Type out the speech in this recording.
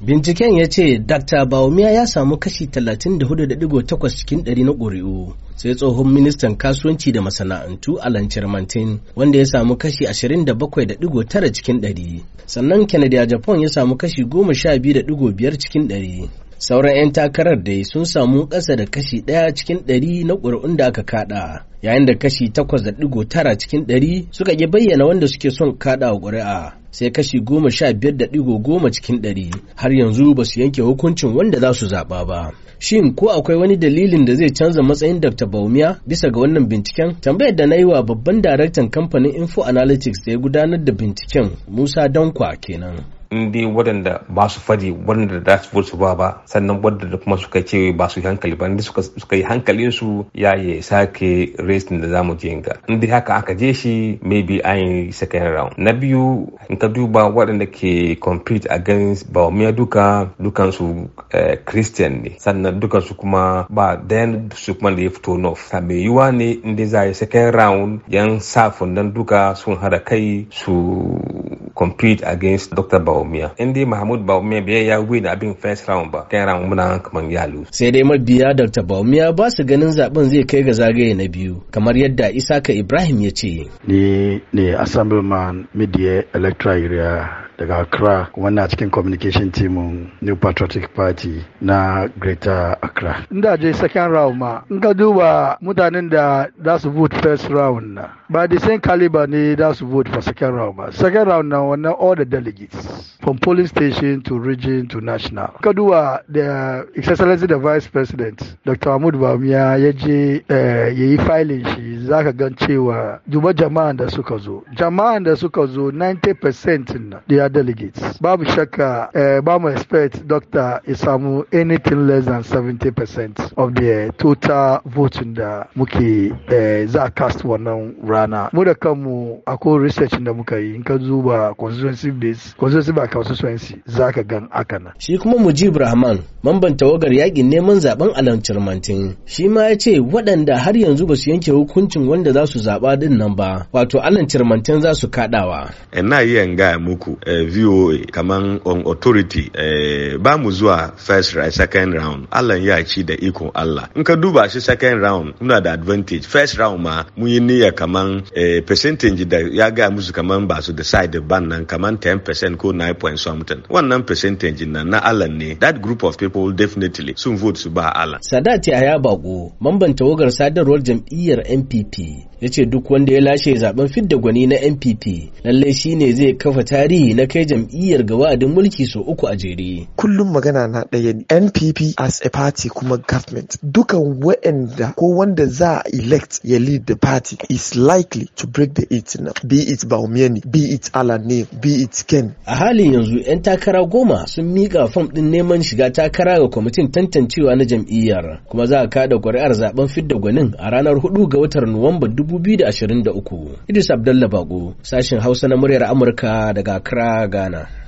Binciken ya ce Dr. Baumia ya samu kashi 34.8 cikin 100 na ƙuri'u, sai tsohon ministan kasuwanci da masana'antu Alan Chermantin wanda ya samu kashi 27.9 cikin 100 Sannan Kennedy a Japan ya samu kashi 12.5 cikin 100 Sauran 'yan takarar dai sun samu ƙasa da kashi 1 cikin 100 na ƙuri'un da aka kaɗa. yayin da kashi takwas da digo tara cikin ɗari suka ƙi bayyana wanda suke son wa ƙuri'a sai kashi goma sha biyar da digo goma cikin ɗari har yanzu ba su yanke hukuncin wanda za su zaɓa ba. Shin ko akwai wani dalilin da zai canza matsayin Dr. Baumia bisa ga wannan binciken? Tambayar da na yi wa babban daraktan kamfanin Info Analytics da ya gudanar da binciken Musa Dankwa kenan. in dai waɗanda ba su fadi waɗanda da su su ba ba sannan waɗanda kuma suka ce ba su hankali ba suka suka yi hankalin su ya yi sake racing da zamu je ga in dai haka aka je shi maybe an yi second round na biyu in ka duba waɗanda ke compete against miya duka dukan su eh, Christian ne sannan dukan kuma ba dayan su kuma da ya fito north mai yiwa ne in dai za a yi second round yan safin nan duka sun hada kai su compete against Dr. Baumia. In dai Mahmud Baumia be ya win abin first round ba, kai round muna kaman ya lose. Sai dai mabiya Dr. Baumia ba su ganin zaben zai kai ga zagaye na biyu, kamar yadda Isaka Ibrahim ya ce. Ni ne Assemblyman Midiye Electoral Area daga Accra kuma na cikin communication team New Patriotic Party na Greater Accra. Inda je second round ma in ka duba mutanen da za su vote first round na ba the same caliber ne za su vote for second round ma Second round na wannan all the delegates from polling station to region to national. Ka duba da excellency the vice president Dr. Mahmud Bamiya ya je eh, ya yi filing shi za ka gan cewa duba jama'an da suka zo. Jama'an da suka zo 90% na their delegates. Babu shakka uh, ba mu expect Dr. Isamu samu anything less than 70% of the eh, total voting da muke uh, za a cast wannan rana. Mu da kanmu akwai research da muka yi in ka zuba constituency base, constituency ba constituency za ka gan aka na. Shi kuma Mujib Rahman, mamban tawagar yakin neman zaben Alan Cirmantin, shi ma ya ce waɗanda har yanzu ba su yanke hukuncin wanda za su zaɓa din nan ba, wato Alan Cirmantin za su kaɗawa. Ina yi gaya muku, voa kaman on authority eh, ba mu zuwa first round second round allah ya ci da ikon allah in ka duba shi second round muna da advantage first round ma mun yi niyya kaman eh, percentage da ya ga musu kaman ba su decide ban nan kaman 10% ko 9 point something wannan percentage nan na allah ne that group of people definitely sun vote su ba allah sadati ayabago mamban tawagar sadarwar jam'iyyar npp ya ce duk wanda ya lashe zaben fidda gwani na npp lallai shine zai kafa tarihi na kai jam'iyyar ga wa'adin mulki sau uku a jere. Kullum magana na ɗaya NPP as a party kuma government dukan waanda ko wanda za a elect ya lead the party is likely to break the eight na be it Baumeni be it Alane be it Ken. A halin yanzu 'yan takara goma sun miƙa fam ɗin neman shiga takara ga kwamitin tantancewa na jam'iyyar kuma za a kada ƙuri'ar zaben fidda gwanin a ranar 4 ga watan Nuwamba 2023. Idris Abdallah Bago sashen Hausa na muryar Amurka daga Accra ta Ghana.